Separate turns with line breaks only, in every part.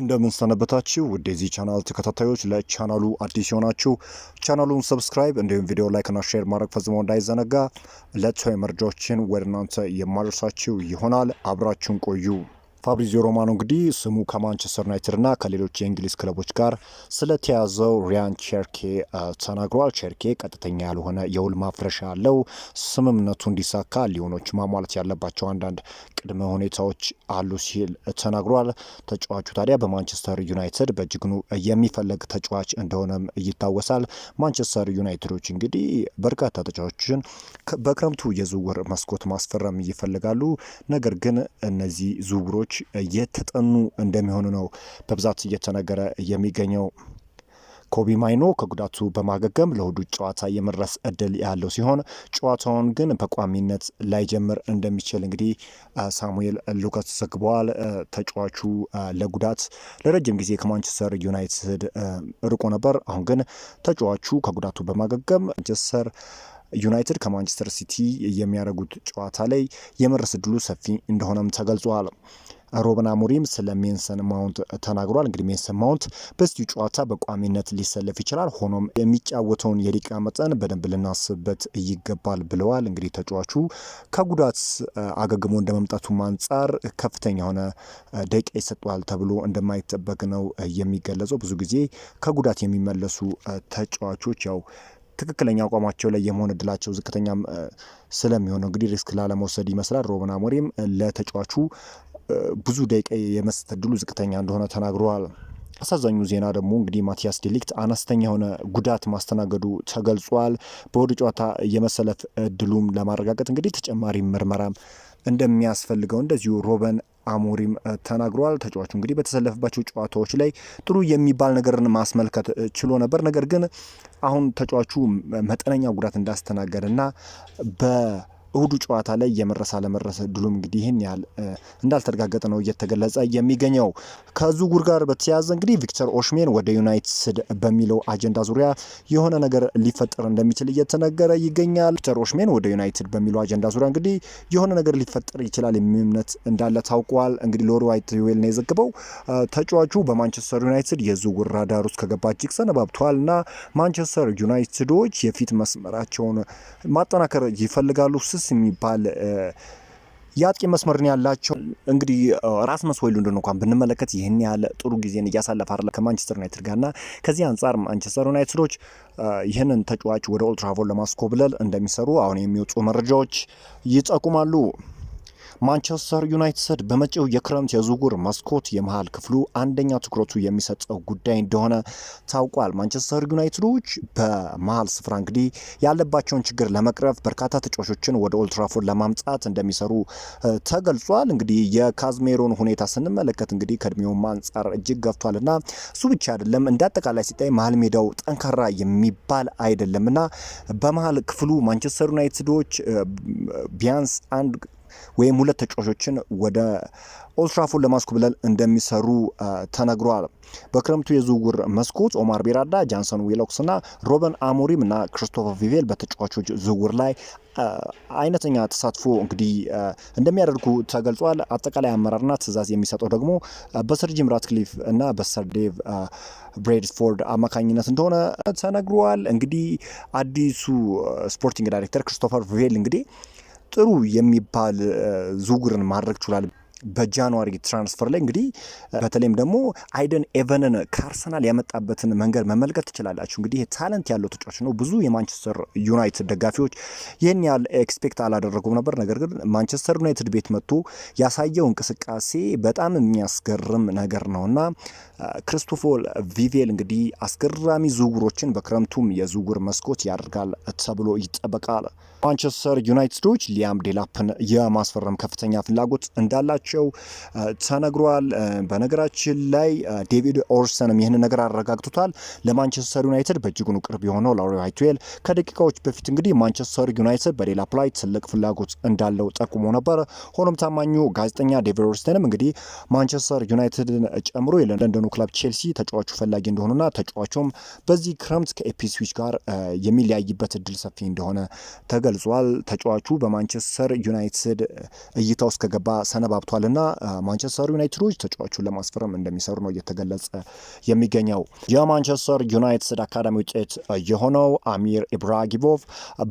እንደምን ሰነበታችሁ ውድ የዚህ ቻናል ተከታታዮች። ለቻናሉ አዲስ የሆናችሁ ቻናሉን ሰብስክራይብ እንዲሁም ቪዲዮ ላይክና ሼር ማድረግ ፈጽሞ እንዳይዘነጋ። ዕለታዊ መረጃዎችን ወደ እናንተ የማደርሳችሁ ይሆናል። አብራችሁን ቆዩ። ፋብሪዚዮ ሮማኖ እንግዲህ ስሙ ከማንቸስተር ዩናይትድና ከሌሎች የእንግሊዝ ክለቦች ጋር ስለተያዘው ሪያን ቸርኬ ተናግሯል። ቸርኬ ቀጥተኛ ያልሆነ የውል ማፍረሻ ያለው ስምምነቱ እንዲሳካ ሊሆኖች ማሟላት ያለባቸው አንዳንድ ቅድመ ሁኔታዎች አሉ ሲል ተናግሯል። ተጫዋቹ ታዲያ በማንቸስተር ዩናይትድ በጅግኑ የሚፈለግ ተጫዋች እንደሆነም ይታወሳል። ማንቸስተር ዩናይትዶች እንግዲህ በርካታ ተጫዋቾችን በክረምቱ የዝውውር መስኮት ማስፈረም ይፈልጋሉ። ነገር ግን እነዚህ ዝውውሮች የተጠኑ እንደሚሆኑ ነው በብዛት እየተነገረ የሚገኘው። ኮቢ ማይኖ ከጉዳቱ በማገገም ለእሁዱ ጨዋታ የመድረስ እድል ያለው ሲሆን ጨዋታውን ግን በቋሚነት ላይጀምር እንደሚችል እንግዲህ ሳሙኤል ሉከስ ዘግበዋል። ተጫዋቹ ለጉዳት ለረጅም ጊዜ ከማንቸስተር ዩናይትድ ርቆ ነበር። አሁን ግን ተጫዋቹ ከጉዳቱ በማገገም ማንቸስተር ዩናይትድ ከማንቸስተር ሲቲ የሚያደርጉት ጨዋታ ላይ የመድረስ እድሉ ሰፊ እንደሆነም ተገልጿል። ሮበን አሞሪም ስለ ሜንሰን ማውንት ተናግሯል። እንግዲህ ሜንሰን ማውንት በዚሁ ጨዋታ በቋሚነት ሊሰለፍ ይችላል። ሆኖም የሚጫወተውን የደቂቃ መጠን በደንብ ልናስብበት ይገባል ብለዋል። እንግዲህ ተጫዋቹ ከጉዳት አገግሞ እንደ መምጣቱም አንጻር ከፍተኛ የሆነ ደቂቃ ይሰጠዋል ተብሎ እንደማይጠበቅ ነው የሚገለጸው። ብዙ ጊዜ ከጉዳት የሚመለሱ ተጫዋቾች ያው ትክክለኛ አቋማቸው ላይ የመሆን እድላቸው ዝቅተኛም ስለሚሆነው እንግዲህ ሪስክ ላለመውሰድ ይመስላል ሮበን አሞሪም ለተጫዋቹ ብዙ ደቂቃ የመስጠት እድሉ ዝቅተኛ እንደሆነ ተናግረዋል። አሳዛኙ ዜና ደግሞ እንግዲህ ማቲያስ ዲሊክት አነስተኛ የሆነ ጉዳት ማስተናገዱ ተገልጿል። በወደ ጨዋታ የመሰለፍ እድሉም ለማረጋገጥ እንግዲህ ተጨማሪ ምርመራም እንደሚያስፈልገው እንደዚሁ ሮበን አሞሪም ተናግሯል። ተጫዋቹ እንግዲህ በተሰለፈባቸው ጨዋታዎች ላይ ጥሩ የሚባል ነገርን ማስመልከት ችሎ ነበር። ነገር ግን አሁን ተጫዋቹ መጠነኛ ጉዳት እንዳስተናገደ እና በ እሁዱ ጨዋታ ላይ የመረስ አለመረስ ድሉም እንግዲህ ይህን ያህል እንዳልተረጋገጠ ነው እየተገለጸ የሚገኘው። ከዝውውር ጋር በተያያዘ እንግዲህ ቪክተር ኦሽሜን ወደ ዩናይትድ በሚለው አጀንዳ ዙሪያ የሆነ ነገር ሊፈጠር እንደሚችል እየተነገረ ይገኛል። ቪክተር ኦሽሜን ወደ ዩናይትድ በሚለው አጀንዳ ዙሪያ እንግዲህ የሆነ ነገር ሊፈጠር ይችላል የሚል እምነት እንዳለ ታውቋል። እንግዲህ ሎሪ ዋይት ዌል ነው የዘግበው። ተጫዋቹ በማንቸስተር ዩናይትድ የዝውውር ራዳር ውስጥ ከገባ እጅግ ሰነባብተዋል እና ማንቸስተር ዩናይትዶች የፊት መስመራቸውን ማጠናከር ይፈልጋሉ ስ ሞይዘስ የሚባል የአጥቂ መስመር ነው ያላቸው። እንግዲህ ራስመስ ሆይሉንድን እንኳን ብንመለከት ይህን ያለ ጥሩ ጊዜን እያሳለፈ አለ ከማንቸስተር ዩናይትድ ጋር ና ከዚህ አንጻር ማንቸስተር ዩናይትዶች ይህንን ተጫዋች ወደ ኦልትራቮን ለማስኮብለል እንደሚሰሩ አሁን የሚወጡ መረጃዎች ይጠቁማሉ። ማንቸስተር ዩናይትድ በመጪው የክረምት የዝውውር መስኮት የመሃል ክፍሉ አንደኛ ትኩረቱ የሚሰጠው ጉዳይ እንደሆነ ታውቋል። ማንቸስተር ዩናይትዶች በመሃል ስፍራ እንግዲህ ያለባቸውን ችግር ለመቅረፍ በርካታ ተጫዋቾችን ወደ ኦልትራፎርድ ለማምጣት እንደሚሰሩ ተገልጿል። እንግዲህ የካዝሜሮን ሁኔታ ስንመለከት እንግዲህ ከእድሜውም አንጻር እጅግ ገፍቷልና እሱ ብቻ አይደለም እንደ አጠቃላይ ሲታይ መሀል ሜዳው ጠንካራ የሚባል እና በመሀል ክፍሉ ማንቸስተር ዩናይትዶች ቢያንስ አንድ ወይም ሁለት ተጫዋቾችን ወደ ኦልትራፎርድ ለማስኮብለል እንደሚሰሩ ተነግሯል። በክረምቱ የዝውውር መስኮት ኦማር ቤራዳ፣ ጃንሰን እና ሮበን አሞሪም እና ክሪስቶፈር ቪቬል በተጫዋቾች ዝውውር ላይ አይነተኛ ተሳትፎ እንግዲህ እንደሚያደርጉ ተገልጿል። አጠቃላይ አመራርና ትእዛዝ የሚሰጠው ደግሞ በሰር ጂም ራትክሊፍ እና በሰር ዴቭ ብሬድፎርድ አማካኝነት እንደሆነ ተነግሯል። እንግዲህ አዲሱ ስፖርቲንግ ዳይሬክተር ክሪስቶፈር ቪቬል እንግዲህ ጥሩ የሚባል ዝውውርን ማድረግ ችሏል። በጃንዋሪ ትራንስፈር ላይ እንግዲህ በተለይም ደግሞ አይደን ኤቨንን ከአርሰናል ያመጣበትን መንገድ መመልከት ትችላላችሁ። እንግዲህ ታለንት ያለው ተጫዋች ነው። ብዙ የማንቸስተር ዩናይትድ ደጋፊዎች ይህን ያህል ኤክስፔክት አላደረጉም ነበር። ነገር ግን ማንቸስተር ዩናይትድ ቤት መጥቶ ያሳየው እንቅስቃሴ በጣም የሚያስገርም ነገር ነው እና ክርስቶፎር ቪቬል እንግዲህ አስገራሚ ዝውውሮችን በክረምቱም የዝውውር መስኮት ያደርጋል ተብሎ ይጠበቃል። ማንቸስተር ዩናይትዶች ሊያም ዴላፕን የማስፈረም ከፍተኛ ፍላጎት እንዳላቸው እንደሚያስፈልጋቸው ተነግሯል። በነገራችን ላይ ዴቪድ ኦርሰንም ይህን ነገር አረጋግቶታል። ለማንቸስተር ዩናይትድ በእጅጉን ቅርብ የሆነው ላሪ ሃይትዌል ከደቂቃዎች በፊት እንግዲህ ማንቸስተር ዩናይትድ በሌላ ፕላይ ትልቅ ፍላጎት እንዳለው ጠቁሞ ነበር። ሆኖም ታማኙ ጋዜጠኛ ዴቪድ ኦርስተንም እንግዲህ ማንቸስተር ዩናይትድን ጨምሮ የለንደኑ ክለብ ቼልሲ ተጫዋቹ ፈላጊ እንደሆኑና ተጫዋቹም በዚህ ክረምት ከኤፒስዊች ጋር የሚለያይበት እድል ሰፊ እንደሆነ ተገልጿል። ተጫዋቹ በማንቸስተር ዩናይትድ እይታ ውስጥ ከገባ ሰነባብቷል እና ማንቸስተር ዩናይትዶች ተጫዋቹን ለማስፈረም እንደሚሰሩ ነው እየተገለጸ የሚገኘው። የማንቸስተር ዩናይትድ አካዳሚ ውጤት የሆነው አሚር ኢብራጊቮቭ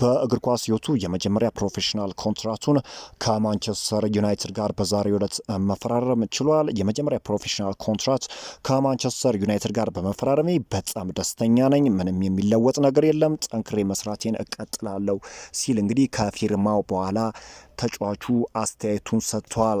በእግር ኳስ ሕይወቱ የመጀመሪያ ፕሮፌሽናል ኮንትራቱን ከማንቸስተር ዩናይትድ ጋር በዛሬው ዕለት መፈራረም ችሏል። የመጀመሪያ ፕሮፌሽናል ኮንትራት ከማንቸስተር ዩናይትድ ጋር በመፈራረሜ በጣም ደስተኛ ነኝ። ምንም የሚለወጥ ነገር የለም። ጠንክሬ መስራቴን እቀጥላለሁ ሲል እንግዲህ ከፊርማው በኋላ ተጫዋቹ አስተያየቱን ሰጥቷል።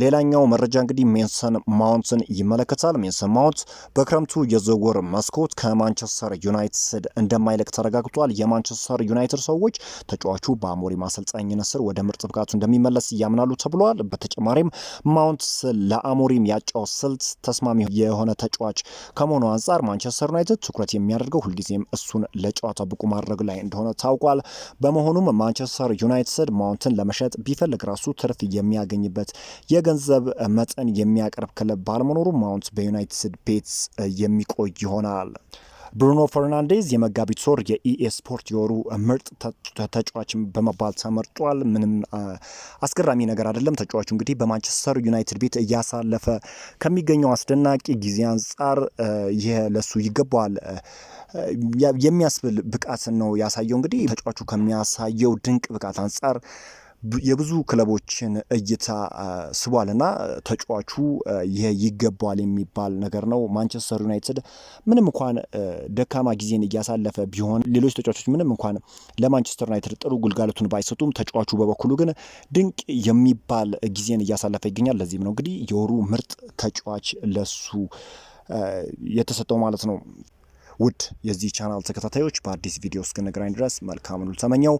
ሌላኛው መረጃ እንግዲህ ሜንሰን ማውንትን ይመለከታል። ሜንሰን ማውንት በክረምቱ የዝውውር መስኮት ከማንቸስተር ዩናይትድ እንደማይለቅ ተረጋግጧል። የማንቸስተር ዩናይትድ ሰዎች ተጫዋቹ በአሞሪም አሰልጣኝነት ስር ወደ ምርጥ ብቃቱ እንደሚመለስ ያምናሉ ተብሏል። በተጨማሪም ማውንት ለአሞሪም ያጫው ስልት ተስማሚ የሆነ ተጫዋች ከመሆኑ አንጻር ማንቸስተር ዩናይትድ ትኩረት የሚያደርገው ሁልጊዜም እሱን ለጨዋታ ብቁ ማድረግ ላይ እንደሆነ ታውቋል። በመሆኑም ማንቸስተር ዩናይትድ ማውንትን ለመሸጥ ቢፈልግ ራሱ ትርፍ የሚያገኝበት የገንዘብ መጠን የሚያቀርብ ክለብ ባለመኖሩ ማውንት በዩናይትድ ቤትስ የሚቆይ ይሆናል። ብሩኖ ፈርናንዴዝ የመጋቢት ሶር የኢኤስፖርት የወሩ ምርጥ ተጫዋች በመባል ተመርጧል። ምንም አስገራሚ ነገር አይደለም። ተጫዋቹ እንግዲህ በማንቸስተር ዩናይትድ ቤት እያሳለፈ ከሚገኘው አስደናቂ ጊዜ አንጻር ይህ ለሱ ይገባዋል የሚያስብል ብቃትን ነው ያሳየው። እንግዲህ ተጫዋቹ ከሚያሳየው ድንቅ ብቃት አንጻር የብዙ ክለቦችን እይታ ስቧል ተጫዋቹ ይሄ ይገባዋል የሚባል ነገር ነው። ማንቸስተር ዩናይትድ ምንም እንኳን ደካማ ጊዜን እያሳለፈ ቢሆን፣ ሌሎች ተጫዋቾች ምንም እንኳን ለማንቸስተር ዩናይትድ ጥሩ ግልጋሎቱን ባይሰጡም፣ ተጫዋቹ በበኩሉ ግን ድንቅ የሚባል ጊዜን እያሳለፈ ይገኛል። ለዚህም ነው እንግዲህ የወሩ ምርጥ ተጫዋች ለሱ የተሰጠው ማለት ነው። ውድ የዚህ ቻናል ተከታታዮች በአዲስ ቪዲዮ እስክንገናኝ ድረስ መልካም ሁሉ ተመኘው።